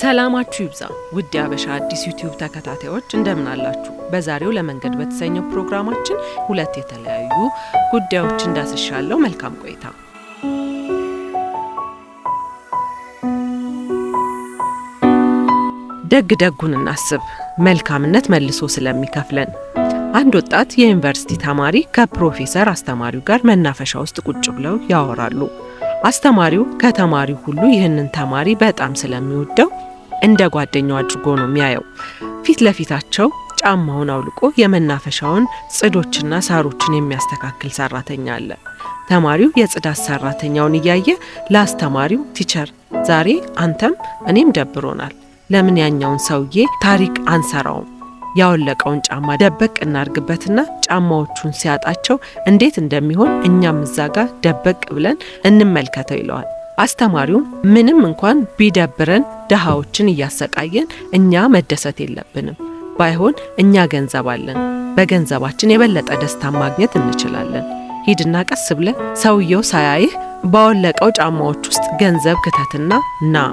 ሰላማችሁ ይብዛ ውድ የአበሻ አዲስ ዩቲዩብ ተከታታዮች እንደምን አላችሁ? በዛሬው ለመንገድ በተሰኘው ፕሮግራማችን ሁለት የተለያዩ ጉዳዮች እንዳስሻለው መልካም ቆይታ። ደግ ደጉን እናስብ፣ መልካምነት መልሶ ስለሚከፍለን። አንድ ወጣት የዩኒቨርሲቲ ተማሪ ከፕሮፌሰር አስተማሪው ጋር መናፈሻ ውስጥ ቁጭ ብለው ያወራሉ። አስተማሪው ከተማሪው ሁሉ ይህንን ተማሪ በጣም ስለሚወደው እንደ ጓደኛው አድርጎ ነው የሚያየው። ፊት ለፊታቸው ጫማውን አውልቆ የመናፈሻውን ጽዶችና ሳሮችን የሚያስተካክል ሰራተኛ አለ። ተማሪው የጽዳት ሰራተኛውን እያየ ለአስተማሪው ቲቸር፣ ዛሬ አንተም እኔም ደብሮናል፣ ለምን ያኛውን ሰውዬ ታሪክ አንሰራውም ያወለቀውን ጫማ ደበቅ እናርግበትና ጫማዎቹን ሲያጣቸው እንዴት እንደሚሆን እኛም እዛ ጋር ደበቅ ብለን እንመልከተው ይለዋል። አስተማሪውም ምንም እንኳን ቢደብረን ድሃዎችን እያሰቃየን እኛ መደሰት የለብንም። ባይሆን እኛ ገንዘብ አለን፣ በገንዘባችን የበለጠ ደስታ ማግኘት እንችላለን። ሂድና ቀስ ብለ ሰውየው ሳያይህ ባወለቀው ጫማዎች ውስጥ ገንዘብ ክተትና ና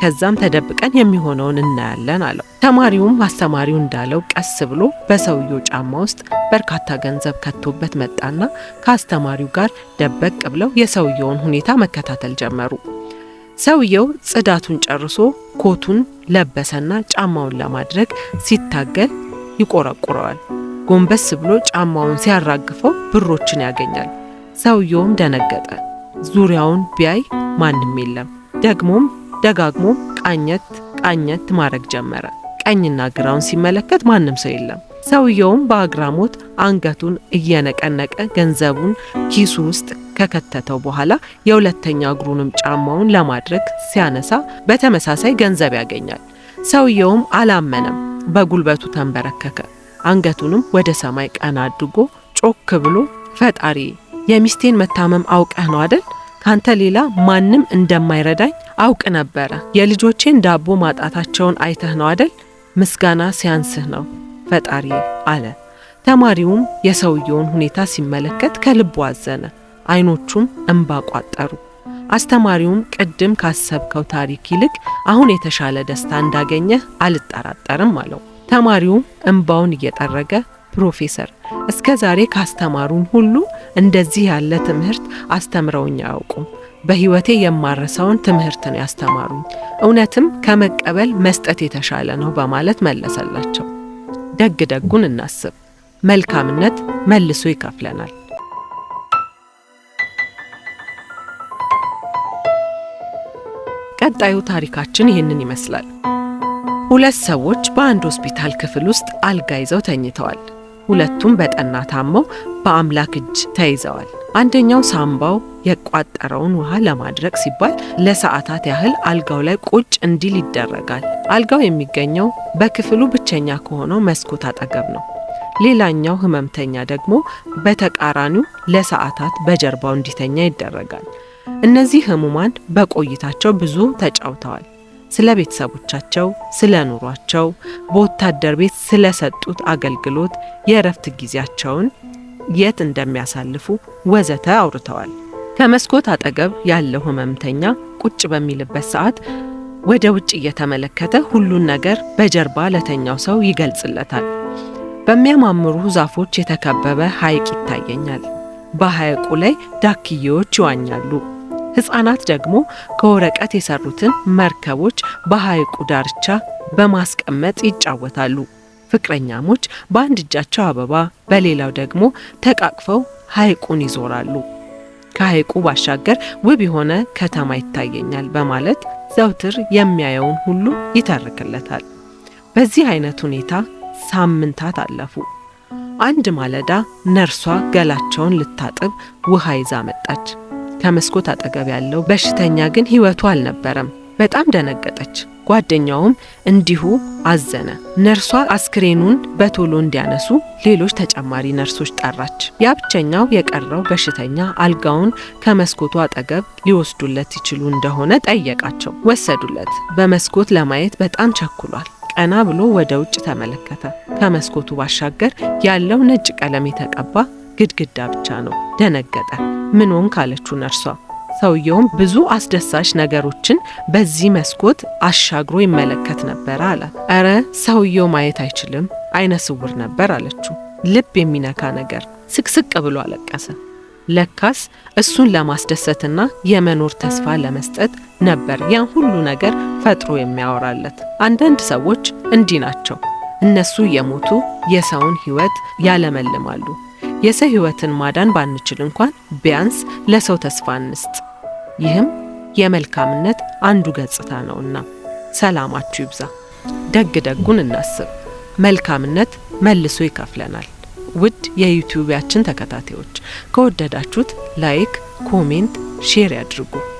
ከዛም ተደብቀን የሚሆነውን እናያለን አለው። ተማሪውም አስተማሪው እንዳለው ቀስ ብሎ በሰውየው ጫማ ውስጥ በርካታ ገንዘብ ከቶበት መጣና ከአስተማሪው ጋር ደበቅ ብለው የሰውየውን ሁኔታ መከታተል ጀመሩ። ሰውየው ጽዳቱን ጨርሶ ኮቱን ለበሰና ጫማውን ለማድረግ ሲታገል ይቆረቁረዋል። ጎንበስ ብሎ ጫማውን ሲያራግፈው ብሮችን ያገኛል። ሰውየውም ደነገጠ። ዙሪያውን ቢያይ ማንም የለም። ደግሞም ደጋግሞ ቃኘት ቃኘት ማድረግ ጀመረ። ቀኝና ግራውን ሲመለከት ማንም ሰው የለም። ሰውየውም በአግራሞት አንገቱን እየነቀነቀ ገንዘቡን ኪሱ ውስጥ ከከተተው በኋላ የሁለተኛ እግሩንም ጫማውን ለማድረግ ሲያነሳ በተመሳሳይ ገንዘብ ያገኛል። ሰውየውም አላመነም። በጉልበቱ ተንበረከከ። አንገቱንም ወደ ሰማይ ቀና አድርጎ ጮክ ብሎ ፈጣሪ የሚስቴን መታመም አውቀህ ነው አደል? ካንተ ሌላ ማንም እንደማይረዳኝ አውቅ ነበረ። የልጆቼን ዳቦ ማጣታቸውን አይተህ ነው አደል? ምስጋና ሲያንስህ ነው ፈጣሪ አለ። ተማሪውም የሰውየውን ሁኔታ ሲመለከት ከልቡ አዘነ፣ አይኖቹም እንባ ቋጠሩ። አስተማሪውም ቅድም ካሰብከው ታሪክ ይልቅ አሁን የተሻለ ደስታ እንዳገኘህ አልጠራጠርም አለው። ተማሪውም እንባውን እየጠረገ ፕሮፌሰር፣ እስከ ዛሬ ካስተማሩን ሁሉ እንደዚህ ያለ ትምህርት አስተምረውኝ አያውቁም በህይወቴ የማረሳውን ትምህርትን ያስተማሩኝ። እውነትም ከመቀበል መስጠት የተሻለ ነው በማለት መለሰላቸው። ደግ ደጉን እናስብ፣ መልካምነት መልሶ ይከፍለናል። ቀጣዩ ታሪካችን ይህንን ይመስላል። ሁለት ሰዎች በአንድ ሆስፒታል ክፍል ውስጥ አልጋ ይዘው ተኝተዋል። ሁለቱም በጠና ታመው በአምላክ እጅ ተይዘዋል። አንደኛው ሳምባው የቋጠረውን ውሃ ለማድረቅ ሲባል ለሰዓታት ያህል አልጋው ላይ ቁጭ እንዲል ይደረጋል። አልጋው የሚገኘው በክፍሉ ብቸኛ ከሆነው መስኮት አጠገብ ነው። ሌላኛው ህመምተኛ ደግሞ በተቃራኒው ለሰዓታት በጀርባው እንዲተኛ ይደረጋል። እነዚህ ህሙማን በቆይታቸው ብዙ ተጫውተዋል። ስለ ቤተሰቦቻቸው፣ ስለ ኑሯቸው፣ በወታደር ቤት ስለሰጡት አገልግሎት፣ የእረፍት ጊዜያቸውን የት እንደሚያሳልፉ ወዘተ አውርተዋል። ከመስኮት አጠገብ ያለው ህመምተኛ ቁጭ በሚልበት ሰዓት ወደ ውጭ እየተመለከተ ሁሉን ነገር በጀርባ ለተኛው ሰው ይገልጽለታል። በሚያማምሩ ዛፎች የተከበበ ሐይቅ ይታየኛል። በሐይቁ ላይ ዳክዬዎች ይዋኛሉ። ሕፃናት ደግሞ ከወረቀት የሰሩትን መርከቦች በሐይቁ ዳርቻ በማስቀመጥ ይጫወታሉ። ፍቅረኛሞች በአንድ እጃቸው አበባ በሌላው ደግሞ ተቃቅፈው ሐይቁን ይዞራሉ። ከሐይቁ ባሻገር ውብ የሆነ ከተማ ይታየኛል በማለት ዘውትር የሚያየውን ሁሉ ይተርክለታል። በዚህ አይነት ሁኔታ ሳምንታት አለፉ። አንድ ማለዳ ነርሷ ገላቸውን ልታጥብ ውሃ ይዛ መጣች። ከመስኮት አጠገብ ያለው በሽተኛ ግን ሕይወቱ አልነበረም። በጣም ደነገጠች። ጓደኛውም እንዲሁ አዘነ። ነርሷ አስክሬኑን በቶሎ እንዲያነሱ ሌሎች ተጨማሪ ነርሶች ጠራች። ያ ብቸኛው የቀረው በሽተኛ አልጋውን ከመስኮቱ አጠገብ ሊወስዱለት ይችሉ እንደሆነ ጠየቃቸው። ወሰዱለት። በመስኮት ለማየት በጣም ቸኩሏል። ቀና ብሎ ወደ ውጭ ተመለከተ። ከመስኮቱ ባሻገር ያለው ነጭ ቀለም የተቀባ ግድግዳ ብቻ ነው። ደነገጠ። ምን ሆንክ? አለችው ነርሷ። ሰውየውም ብዙ አስደሳች ነገሮችን በዚህ መስኮት አሻግሮ ይመለከት ነበር አላት። እረ ሰውየው ማየት አይችልም፣ አይነ ስውር ነበር አለችው። ልብ የሚነካ ነገር። ስቅስቅ ብሎ አለቀሰ። ለካስ እሱን ለማስደሰትና የመኖር ተስፋ ለመስጠት ነበር ያን ሁሉ ነገር ፈጥሮ የሚያወራለት። አንዳንድ ሰዎች እንዲህ ናቸው። እነሱ የሞቱ የሰውን ሕይወት ያለመልማሉ። የሰው ሕይወትን ማዳን ባንችል እንኳን ቢያንስ ለሰው ተስፋ እንስጥ። ይህም የመልካምነት አንዱ ገጽታ ነውና፣ ሰላማችሁ ይብዛ። ደግ ደጉን እናስብ። መልካምነት መልሶ ይከፍለናል። ውድ የዩቲዩቢያችን ተከታታዮች ከወደዳችሁት ላይክ፣ ኮሜንት፣ ሼር ያድርጉ።